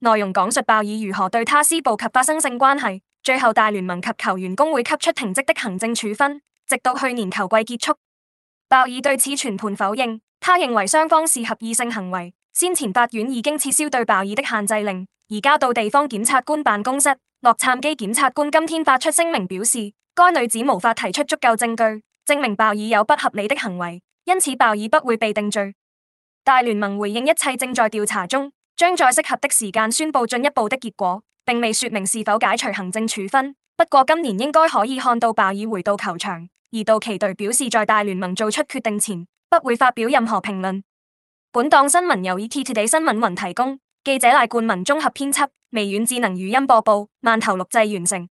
內容講述鮑爾如何對他施暴及發生性關係，最後大聯盟及球員工會給出停職的行政處分，直到去年球季結束。鮑爾對此全盤否認，他認為雙方是合意性行為。先前法院已經撤銷對鮑爾的限制令，移交到地方檢察官辦公室，洛杉磯檢察官今天發出聲明表示，該女子無法提出足夠證據證明鮑爾有不合理的行為，因此鮑爾不會被定罪。大聯盟回應，一切正在調查中。將在適合的時間宣布進一步的結果，並未說明是否解除行政處分。不過今年應該可以看到鮑爾回到球場。而道奇隊表示，在大聯盟做出決定前，不會發表任何評論。本檔新聞由 ETtoday 新聞雲提供，記者賴冠文綜合編輯，微軟智能語音播報，曼頭錄製完成。